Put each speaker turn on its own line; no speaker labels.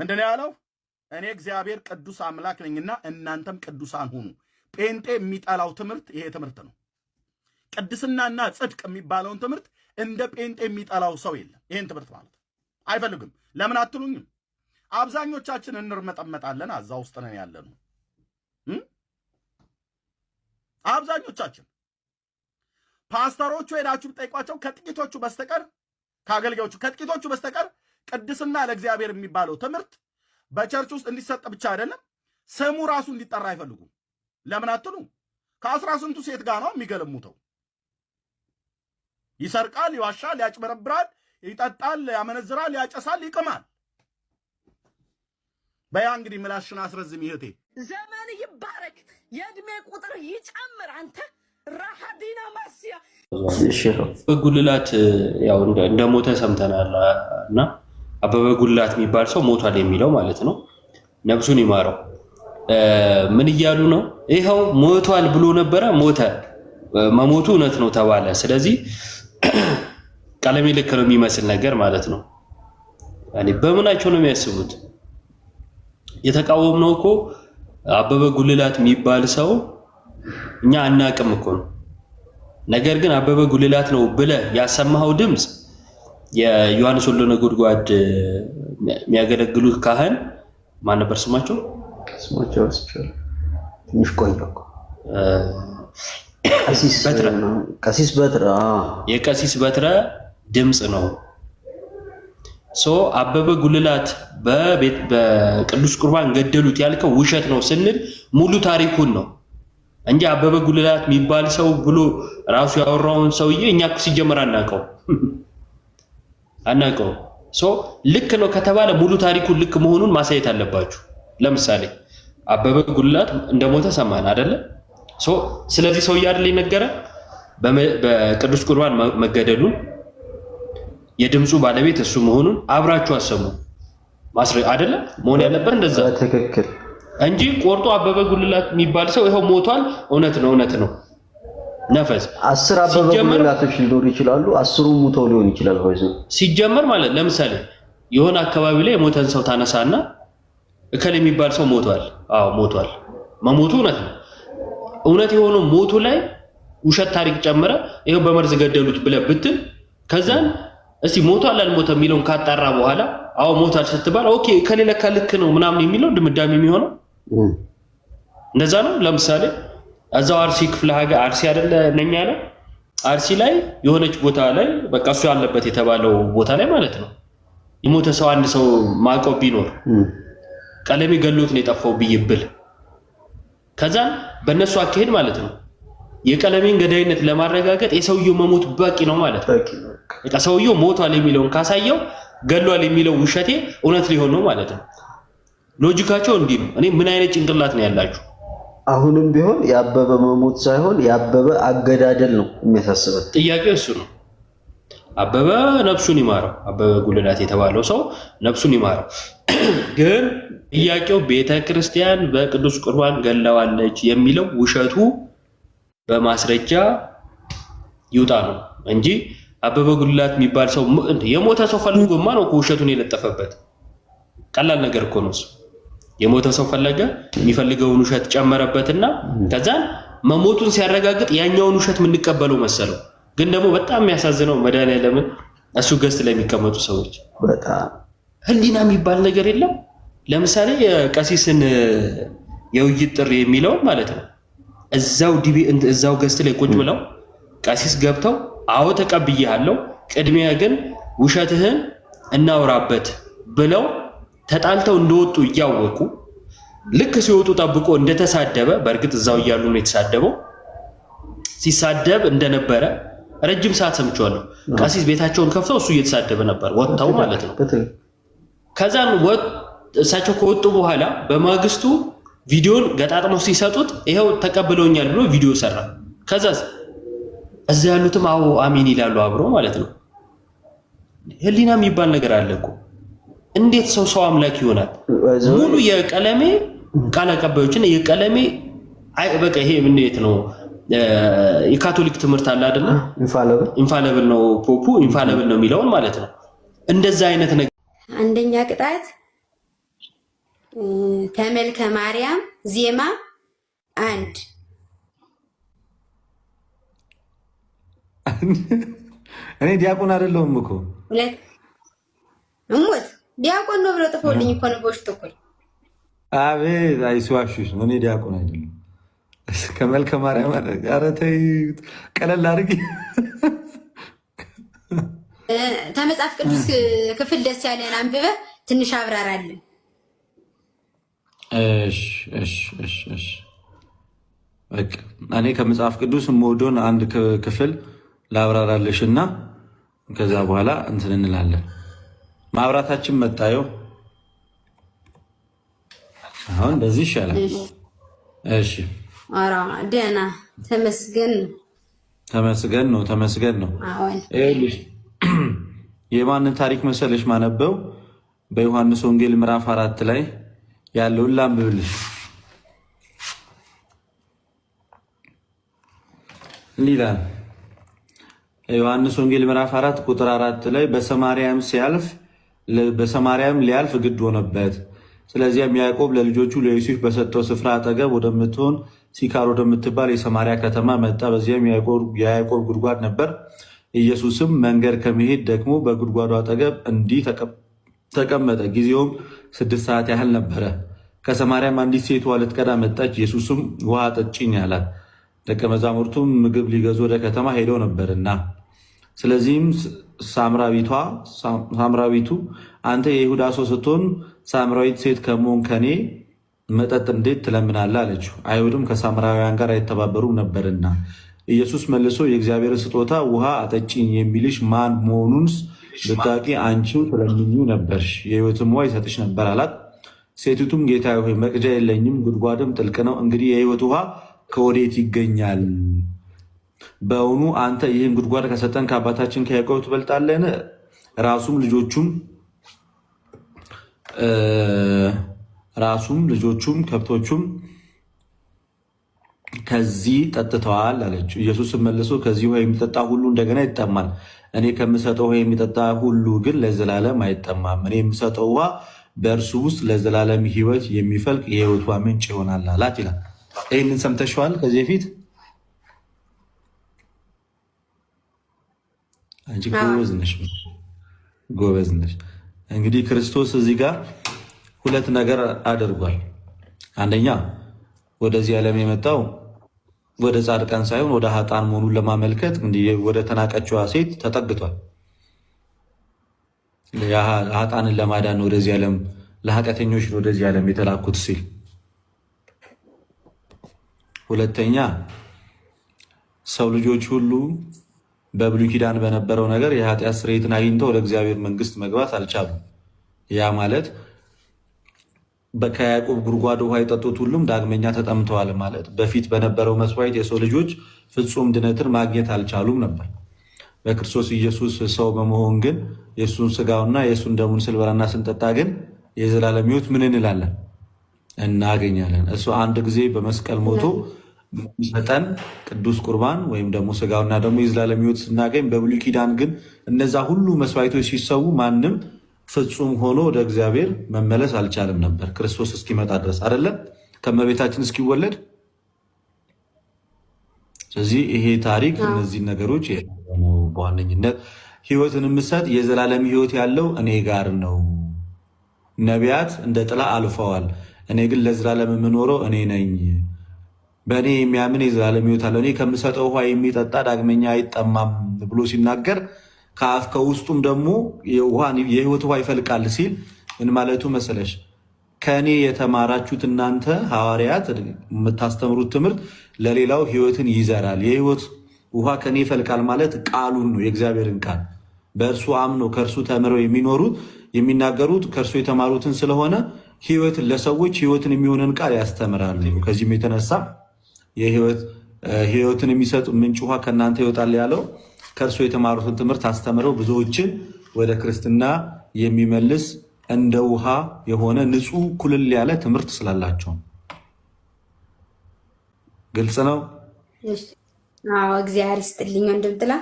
ምንድን ያለው? እኔ እግዚአብሔር ቅዱስ አምላክ ነኝና እናንተም ቅዱሳን ሁኑ። ጴንጤ የሚጠላው ትምህርት ይሄ ትምህርት ነው። ቅድስናና ጽድቅ የሚባለውን ትምህርት እንደ ጴንጤ የሚጠላው ሰው የለም። ይህን ትምህርት ማለት አይፈልግም። ለምን አትሉኝም? አብዛኞቻችን እንርመጠመጣለን። አዛ ውስጥ ነን ነው። አብዛኞቻችን። ፓስተሮቹ ሄዳችሁ ብጠይቋቸው ከጥቂቶቹ በስተቀር ከአገልጋዮቹ ከጥቂቶቹ በስተቀር ቅድስና ለእግዚአብሔር የሚባለው ትምህርት በቸርች ውስጥ እንዲሰጥ ብቻ አይደለም፣ ስሙ ራሱ እንዲጠራ አይፈልጉም። ለምን አትሉ? ከአስራ ስንቱ ሴት ጋር ነው የሚገለሙተው። ይሰርቃል፣ ይዋሻል፣ ያጭበረብራል፣ ይጠጣል፣ ያመነዝራል፣ ያጨሳል፣ ይቅማል። በያ እንግዲህ ምላሽን አስረዝም ይህቴ
ዘመን ይባረክ፣ የእድሜ ቁጥር ይጨምር። አንተ ራሃዲና ማስያ
ጉልላት ያው እንደሞተ ሰምተናል እና አበበ ጉላት የሚባል ሰው ሞቷል የሚለው ማለት ነው። ነብሱን ይማረው። ምን እያሉ ነው? ይኸው ሞቷል ብሎ ነበረ፣ ሞተ። መሞቱ እውነት ነው ተባለ። ስለዚህ ቀለም ልክ ነው የሚመስል ነገር ማለት ነው። በምናቸው ነው የሚያስቡት? የተቃወምነው እኮ አበበ ጉልላት የሚባል ሰው እኛ አናቅም እኮ ነው። ነገር ግን አበበ ጉልላት ነው ብለህ ያሰማኸው ድምፅ የዮሐንስ ወልደ ነጎድጓድ የሚያገለግሉት ካህን ማን ነበር ስማቸው?
ስማቸው ትንሽ ቆየሁ። ቀሲስ በትረ
የቀሲስ በትረ ድምፅ ነው። ሶ አበበ ጉልላት በቅዱስ ቁርባን ገደሉት ያልከው ውሸት ነው ስንል ሙሉ ታሪኩን ነው እንጂ አበበ ጉልላት የሚባል ሰው ብሎ ራሱ ያወራውን ሰውዬ እኛ ሲጀመር አናውቀው። አናውቀው ሶ ልክ ነው ከተባለ ሙሉ ታሪኩ ልክ መሆኑን ማሳየት አለባችሁ። ለምሳሌ አበበ ጉልላት እንደሞተ ሰማን አይደለ? ሶ ስለዚህ ሰውዬ አይደል ይነገረ በቅዱስ ቁርባን መገደሉን የድምፁ ባለቤት እሱ መሆኑን አብራችሁ አሰሙ ማስረ አይደለ? መሆን ያለበት እንደዛ ትክክል እንጂ ቆርጦ አበበ ጉልላት የሚባል ሰው ይኸው ሞቷል፣ እውነት ነው እውነት ነው ነፈስ
አስር አበበ ጉልላቶች ሊኖሩ ይችላሉ። አስሩ ሙተው ሊሆን ይችላል። ሆይዝ
ሲጀመር ማለት ለምሳሌ የሆነ አካባቢ ላይ የሞተን ሰው ታነሳና እከል የሚባል ሰው ሞቷል። አዎ ሞቷል። መሞቱ እውነት ነው። እውነት የሆነው ሞቱ ላይ ውሸት ታሪክ ጨምረ ይሄው በመርዝ ገደሉት ብለ ብትል ከዛን እስቲ ሞቷል አልሞተ የሚለውን ካጣራ በኋላ አዎ ሞቷል ስትባል ኦኬ ከሌለ ከልክ ነው ምናምን የሚለው ድምዳሜ የሚሆነው እንደዛ ነው። ለምሳሌ እዛው አርሲ ክፍለ ሀገር አርሲ አይደለ ነኛ ነው አርሲ ላይ የሆነች ቦታ ላይ በቃ እሱ ያለበት የተባለው ቦታ ላይ ማለት ነው የሞተ ሰው አንድ ሰው ማቆብ ቢኖር ቀለሜ ገሎት ነው የጠፋው ብዬ ብል ከዛ በእነሱ አካሄድ ማለት ነው የቀለሜን ገዳይነት ለማረጋገጥ የሰውየው መሞት በቂ ነው ማለት
ነው።
ሰውየው ሞቷል የሚለውን ካሳየው ገሏል የሚለው ውሸቴ እውነት ሊሆን ነው ማለት ነው። ሎጂካቸው እንዲህ ነው። እኔ ምን አይነት ጭንቅላት ነው ያላችሁ?
አሁንም ቢሆን ያበበ መሞት ሳይሆን ያበበ አገዳደል ነው የሚያሳስበት።
ጥያቄ እሱ ነው። አበበ ነፍሱን ይማረው፣ አበበ ጉልላት የተባለው ሰው ነፍሱን ይማረው። ግን ጥያቄው ቤተ ክርስቲያን በቅዱስ ቁርባን ገለዋለች የሚለው ውሸቱ በማስረጃ ይውጣ ነው እንጂ አበበ ጉልላት የሚባል ሰው የሞተ ሰው ፈልጎማ ነው ውሸቱን የለጠፈበት። ቀላል ነገር እኮ ነው እሱ። የሞተ ሰው ፈለገ፣ የሚፈልገውን ውሸት ጨመረበትና ከዛን መሞቱን ሲያረጋግጥ ያኛውን ውሸት የምንቀበለው መሰለው። ግን ደግሞ በጣም የሚያሳዝነው መድኃኒዓለምን እሱ ገዝት ላይ የሚቀመጡ ሰዎች በጣም ህሊና የሚባል ነገር የለም። ለምሳሌ የቀሲስን የውይይት ጥሪ የሚለውን ማለት ነው እዛው ዲቢ እዛው ገዝት ላይ ቁጭ ብለው ቀሲስ ገብተው አዎ ተቀብያለሁ፣ ቅድሚያ ግን ውሸትህን እናውራበት ብለው ተጣልተው እንደወጡ እያወቁ ልክ ሲወጡ ጠብቆ እንደተሳደበ በእርግጥ እዛው እያሉ ነው የተሳደበው። ሲሳደብ እንደነበረ ረጅም ሰዓት ሰምቼዋለሁ። ቀሲስ ቤታቸውን ከፍተው እሱ እየተሳደበ ነበር፣ ወጥተው ማለት ነው። ከዛን እሳቸው ከወጡ በኋላ በማግስቱ ቪዲዮን ገጣጥመው ሲሰጡት ይኸው ተቀብለውኛል ብሎ ቪዲዮ ሰራ። ከዛ እዛ ያሉትም አዎ አሚን ይላሉ አብሮ ማለት ነው። ህሊና የሚባል ነገር አለ እኮ እንዴት ሰው ሰው አምላክ ይሆናል? ሙሉ የቀለሜ ቃል አቀባዮችን የቀለሜ በቃ ይሄ እንዴት ነው? የካቶሊክ ትምህርት አለ አይደለ? ኢንፋለብል ነው ፖፑ ኢንፋለብል ነው የሚለውን ማለት ነው። እንደዛ አይነት ነገር
አንደኛ ቅጣት ተመልከ ማርያም ዜማ አንድ
እኔ ዲያቆን አይደለሁም እኮ
ሁለት እሙት ዲያቆን ነው ብለው ጥፈውልኝ እኮ ነው በውስጥ
አቤት አይስዋሹሽ እኔ ዲያቆን አይደለም ከመልከ ማርያም ኧረ ተይ ቀለል አድርጊ።
ከመጽሐፍ ቅዱስ ክፍል ደስ ያለን አንብበ ትንሽ አብራራለን።
እኔ ከመጽሐፍ ቅዱስ ሞዶን አንድ ክፍል ላብራራለሽ እና ከዛ በኋላ እንትን እንላለን። ማብራታችን መጣየው አሁን በዚህ ይሻላል። እሺ
አራ ደህና ተመስገን ነው
ተመስገን ነው ተመስገን ነው። የማንን ታሪክ መሰለሽ ማነበው? በዮሐንስ ወንጌል ምዕራፍ አራት ላይ ያለውን ላንብብልሽ። እንዲህ ይላል ዮሐንስ ወንጌል ምዕራፍ አራት ቁጥር አራት ላይ በሰማርያም ሲያልፍ በሰማርያም ሊያልፍ ግድ ሆነበት። ስለዚያም ያዕቆብ ለልጆቹ ለዮሴፍ በሰጠው ስፍራ አጠገብ ወደምትሆን ሲካር ወደምትባል የሰማርያ ከተማ መጣ። በዚያም የያዕቆብ ጉድጓድ ነበር። ኢየሱስም መንገድ ከመሄድ ደግሞ በጉድጓዱ አጠገብ እንዲህ ተቀመጠ። ጊዜውም ስድስት ሰዓት ያህል ነበረ። ከሰማርያም አንዲት ሴት ውሃ ልትቀዳ መጣች። ኢየሱስም ውሃ ጠጭኝ አላት። ደቀ መዛሙርቱም ምግብ ሊገዙ ወደ ከተማ ሄደው ነበርና ስለዚህም ሳምራዊቷ ሳምራዊቱ አንተ የይሁዳ ሰው ስትሆን ሳምራዊት ሴት ከመሆን ከኔ መጠጥ እንዴት ትለምናለ? አለችው። አይሁድም ከሳምራውያን ጋር አይተባበሩም ነበርና። ኢየሱስ መልሶ የእግዚአብሔር ስጦታ ውሃ አጠጪኝ የሚልሽ ማን መሆኑንስ ብታውቂ አንቺው ትለምኙ ነበርሽ፣ የህይወትም ውሃ ይሰጥሽ ነበር አላት። ሴቲቱም ጌታ ሆይ መቅጃ የለኝም፣ ጉድጓድም ጥልቅ ነው፣ እንግዲህ የህይወት ውሃ ከወዴት ይገኛል? በውኑ አንተ ይህን ጉድጓድ ከሰጠን ከአባታችን ከያዕቆብ ትበልጣለን? ራሱም ልጆቹም ራሱም ልጆቹም ከብቶቹም ከዚህ ጠጥተዋል አለችው። ኢየሱስም መልሶ ከዚህ ውሃ የሚጠጣ ሁሉ እንደገና ይጠማል። እኔ ከምሰጠው ውሃ የሚጠጣ ሁሉ ግን ለዘላለም አይጠማም። እኔ የምሰጠው ውሃ በእርሱ ውስጥ ለዘላለም ሕይወት የሚፈልቅ የሕይወቷ ምንጭ ይሆናል አላት ይላል። ይህንን ሰምተሸዋል ከዚህ በፊት አንቺ ጎበዝ ነሽ፣ ጎበዝ ነሽ። እንግዲህ ክርስቶስ እዚህ ጋር ሁለት ነገር አድርጓል። አንደኛ ወደዚህ ዓለም የመጣው ወደ ጻድቃን ሳይሆን ወደ ሀጣን መሆኑን ለማመልከት እንዲህ ወደ ተናቀችዋ ሴት ተጠግቷል። ሀጣንን ለማዳን ወደዚህ ዓለም ለኃጢአተኞች ወደዚህ ዓለም የተላኩት ሲል፣ ሁለተኛ ሰው ልጆች ሁሉ በብሉይ ኪዳን በነበረው ነገር የኃጢአት ስርየትን አግኝተው ወደ እግዚአብሔር መንግስት መግባት አልቻሉም። ያ ማለት ከያዕቆብ ጉድጓድ ውሃ የጠጡት ሁሉም ዳግመኛ ተጠምተዋል ማለት። በፊት በነበረው መስዋዕት የሰው ልጆች ፍጹም ድነትን ማግኘት አልቻሉም ነበር። በክርስቶስ ኢየሱስ ሰው በመሆን ግን የእሱን ስጋውና የእሱን ደሙን ስንበላና ስንጠጣ ግን የዘላለም ሕይወት ምን እንላለን? እናገኛለን። እሱ አንድ ጊዜ በመስቀል ሞቶ መጠን ቅዱስ ቁርባን ወይም ደግሞ ስጋውና ደግሞ የዘላለም ሕይወት ስናገኝ፣ በብሉይ ኪዳን ግን እነዛ ሁሉ መስዋዕቶች ሲሰዉ ማንም ፍጹም ሆኖ ወደ እግዚአብሔር መመለስ አልቻለም ነበር፣ ክርስቶስ እስኪመጣ ድረስ አይደለም ከመቤታችን እስኪወለድ። ስለዚህ ይሄ ታሪክ እነዚህን ነገሮች በዋነኝነት ሕይወትን የምሰጥ የዘላለም ሕይወት ያለው እኔ ጋር ነው። ነቢያት እንደ ጥላ አልፈዋል፣ እኔ ግን ለዘላለም የምኖረው እኔ ነኝ። በእኔ የሚያምን የዘላለም ሕይወት አለው፣ እኔ ከምሰጠው ውሃ የሚጠጣ ዳግመኛ አይጠማም ብሎ ሲናገር ከአፍ ከውስጡም ደግሞ የሕይወት ውሃ ይፈልቃል ሲል ምን ማለቱ መሰለሽ? ከእኔ የተማራችሁት እናንተ ሐዋርያት የምታስተምሩት ትምህርት ለሌላው ሕይወትን ይዘራል። የሕይወት ውሃ ከእኔ ይፈልቃል ማለት ቃሉን ነው፣ የእግዚአብሔርን ቃል በእርሱ አምኖ ከእርሱ ተምረው የሚኖሩት የሚናገሩት ከእርሱ የተማሩትን ስለሆነ ሕይወትን ለሰዎች ህይወትን የሚሆንን ቃል ያስተምራሉ። ከዚህም የተነሳ ህይወትን የሚሰጡ ምንጭ ውሃ ከእናንተ ይወጣል ያለው ከእርሱ የተማሩትን ትምህርት አስተምረው ብዙዎችን ወደ ክርስትና የሚመልስ እንደ ውሃ የሆነ ንጹህ ኩልል ያለ ትምህርት ስላላቸው ግልጽ ነው።
እግዚአብሔር ይስጥልኝ ወንድም ጥላ